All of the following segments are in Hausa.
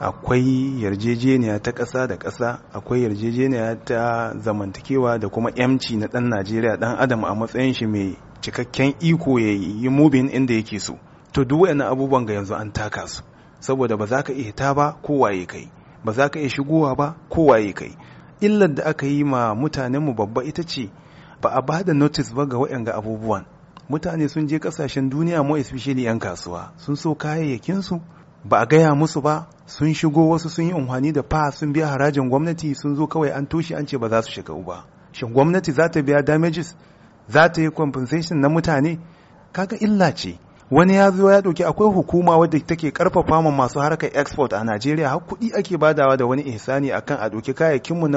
akwai yarjejeniya ta ƙasa da ƙasa akwai yarjejeniya ta zamantakewa da kuma yamci na ɗan najeriya ɗan adam a matsayin shi mai cikakken iko ya yi mubin inda yake so to duk wayannan abubuwan ga yanzu an taka su saboda ba za ka iya ta ba kowa ya kai ba za ka iya shigowa ba kowa ya kai illar da aka yi ma mutanenmu babba ita ce ba a ba da notice ba ga waɗanga abubuwan mutane sun je ƙasashen duniya mu especially 'yan kasuwa sun so kayayyakin su. ba a gaya musu ba sun shigo wasu sun yi amfani da fa sun biya harajin gwamnati sun zo kawai an toshe an ce ba za su shiga uba shin gwamnati za ta biya damages za ta yi compensation na mutane kaga illa ce wani ya zo ya ɗauki akwai hukuma wadda take karfafa ma masu harkar export a Najeriya har kuɗi ake badawa da wani ihsani akan a ɗauki kayayyakinmu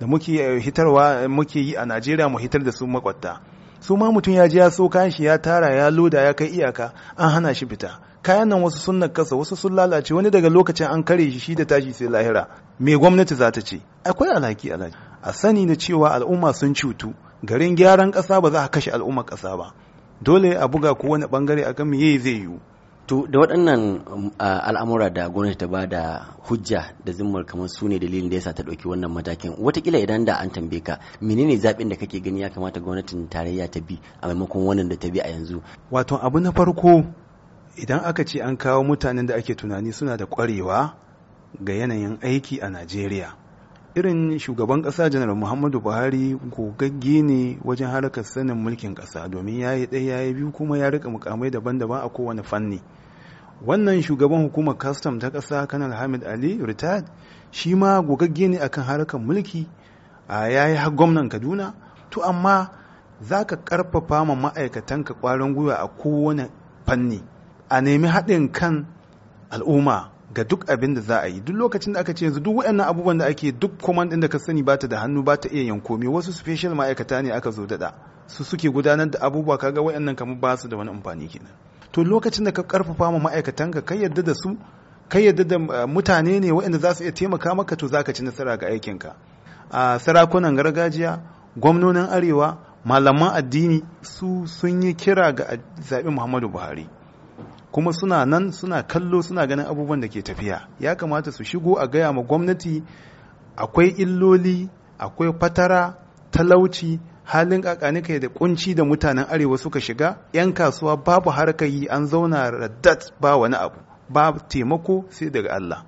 da muke eh, hitarwa muke yi a Najeriya mu hitar da su makwatta su ma mutum ya ji ya so kayan shi ya tara ya loda ya kai iyaka an hana shi fita kayan nan wasu sun kasa wasu sun lalace wani daga lokacin an kare shi shi da tashi sai lahira me gwamnati za ta ce akwai alhaki alaki a sani na cewa al'umma sun cutu garin gyaran ƙasa ba za a kashe al'ummar ƙasa ba dole a buga ko wani bangare akan me zai yiwu to da waɗannan um, al'amura da gwamnati ta ba da hujja da zimmar kamar su ne dalilin da yasa ta ɗauki wannan matakin watakila idan da an tambaye ka menene zaɓin da kake gani ya kamata gwamnatin tarayya ta bi a maimakon wannan da ta bi a yanzu wato abu na farko idan aka ce an kawo mutanen da ake tunani suna da ƙwarewa ga yanayin aiki a najeriya irin shugaban kasa janar muhammadu buhari gogagge ne wajen harkar sanin mulkin kasa domin ya yi ɗaya ya biyu kuma ya rika mukamai daban-daban a kowane fanni wannan shugaban hukumar kastam ta kasa kanar hamid ali retired shi ma gogagge ne akan harkar mulki a yayi har gwamnan kaduna to amma za ka karfafa ma ma'aikatan ka kwarin gwiwa a kowane fanni a nemi haɗin kan al'umma ga duk abin da za a yi duk lokacin da aka ce yanzu duk waɗannan abubuwan da ake duk command din da ka sani bata da hannu bata iya me wasu special ma'aikata ne aka zo daɗa su suke gudanar da abubuwa kaga waɗannan kamar ba su da wani amfani kenan to lokacin da ka karfafa ma ma'aikatan ka kai yadda da su kai yadda da eh, mutane ne waɗanda za su iya taimaka maka to zaka ci nasara ga aikin ka a sarakunan gargajiya gwamnonin arewa malaman addini su sun yi kira ga zaɓi Muhammadu Buhari kuma suna nan suna kallo suna ganin abubuwan da ke tafiya ya kamata su shigo a gaya ma gwamnati akwai illoli akwai fatara talauci halin kakanika da kunci da mutanen arewa suka shiga 'yan kasuwa babu harkayi an zauna raddat ba wani abu ba taimako sai daga Allah